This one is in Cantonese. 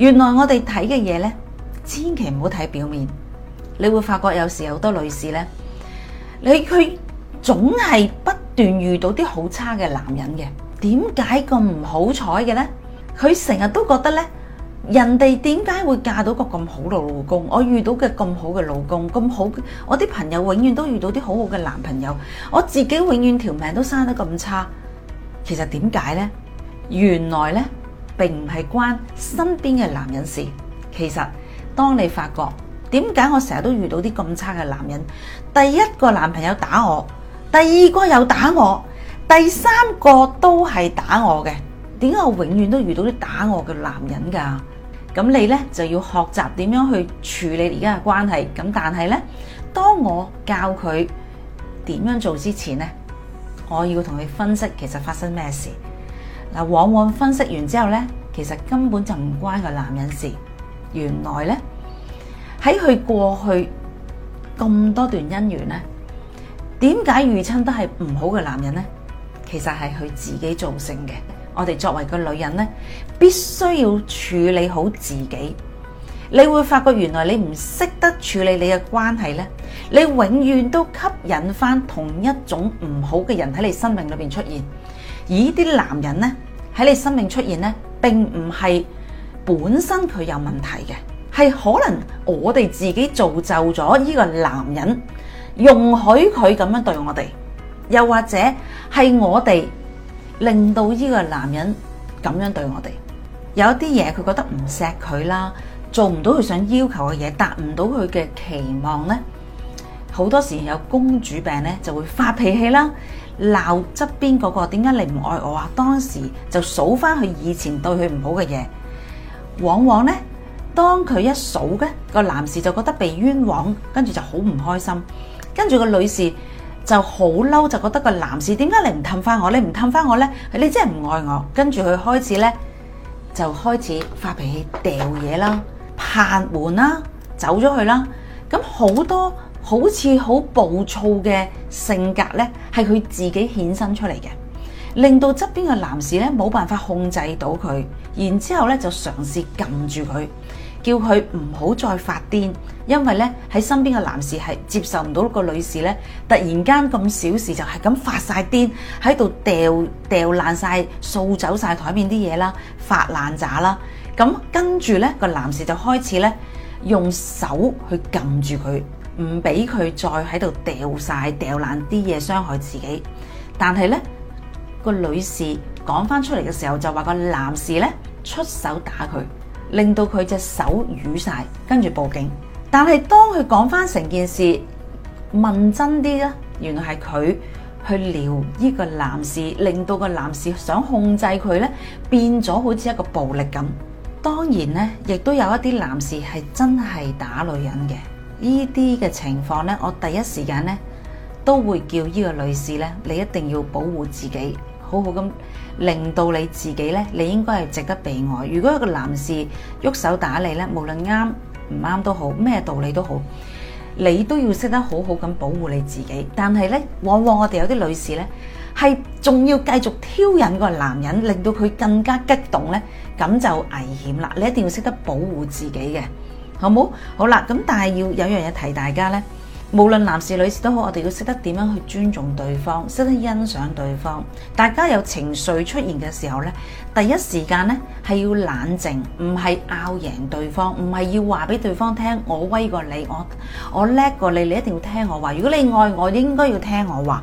原來我哋睇嘅嘢呢，千祈唔好睇表面。你會發覺有時好多女士呢，你佢總係不斷遇到啲好差嘅男人嘅。點解咁唔好彩嘅呢？佢成日都覺得呢，人哋點解會嫁到個咁好嘅老公？我遇到嘅咁好嘅老公，咁好，我啲朋友永遠都遇到啲好好嘅男朋友，我自己永遠條命都生得咁差。其實點解呢？原來呢。並唔係關身邊嘅男人事。其實，當你發覺，點解我成日都遇到啲咁差嘅男人，第一個男朋友打我，第二個又打我，第三個都係打我嘅，點解我永遠都遇到啲打我嘅男人噶？咁你咧，就要學習點樣去處理而家嘅關係。咁但係咧，當我教佢點樣做之前咧，我要同佢分析其實發生咩事。嗱，往往分析完之後呢，其實根本就唔關個男人事。原來呢，喺佢過去咁多段姻緣呢，點解遇親都係唔好嘅男人呢？其實係佢自己造成嘅。我哋作為個女人呢，必須要處理好自己。你會發覺原來你唔識得處理你嘅關係呢，你永遠都吸引翻同一種唔好嘅人喺你生命裏面出現。依啲男人呢，喺你生命出現呢，並唔係本身佢有問題嘅，係可能我哋自己造就咗呢個男人，容許佢咁樣對我哋，又或者係我哋令到呢個男人咁樣對我哋。有一啲嘢佢覺得唔錫佢啦，做唔到佢想要求嘅嘢，達唔到佢嘅期望呢。好多時有公主病呢，就會發脾氣啦。鬧側邊嗰個，點解你唔愛我啊？當時就數翻佢以前對佢唔好嘅嘢，往往呢，當佢一數嘅，個男士就覺得被冤枉，跟住就好唔開心，跟住個女士就好嬲，就覺得個男士，點解你唔氹翻我？你唔氹翻我呢？你真係唔愛我。跟住佢開始呢，就開始發脾氣、掉嘢啦、拍門啦、走咗去啦。咁好多。好似好暴躁嘅性格呢，係佢自己衍生出嚟嘅，令到側邊嘅男士呢，冇辦法控制到佢，然之後呢，就嘗試撳住佢，叫佢唔好再發癲。因為呢，喺身邊嘅男士係接受唔到個女士呢，突然間咁小事就係咁發晒癲，喺度掉掉爛晒、掃走晒台面啲嘢啦，發爛渣啦。咁跟住呢個男士就開始呢，用手去撳住佢。唔俾佢再喺度掉晒掉爛啲嘢傷害自己。但係呢個女士講翻出嚟嘅時候，就話個男士呢出手打佢，令到佢隻手瘀晒，跟住報警。但係當佢講翻成件事問真啲呢，原來係佢去撩呢個男士，令到個男士想控制佢呢變咗好似一個暴力咁。當然呢，亦都有一啲男士係真係打女人嘅。呢啲嘅情況呢，我第一時間呢都會叫呢個女士呢，你一定要保護自己，好好咁令到你自己呢，你應該係值得被愛。如果一個男士喐手打你呢，無論啱唔啱都好，咩道理都好，你都要識得好好咁保護你自己。但係呢，往往我哋有啲女士呢，係仲要繼續挑釁個男人，令到佢更加激動呢，咁就危險啦。你一定要識得保護自己嘅。好冇？好啦，咁但係要有樣嘢提大家呢：無論男士女士都好，我哋要識得點樣去尊重對方，識得欣賞對方。大家有情緒出現嘅時候呢，第一時間呢係要冷靜，唔係拗贏對方，唔係要話俾對方聽我威過你，我我叻過你，你一定要聽我話。如果你愛我，應該要聽我話。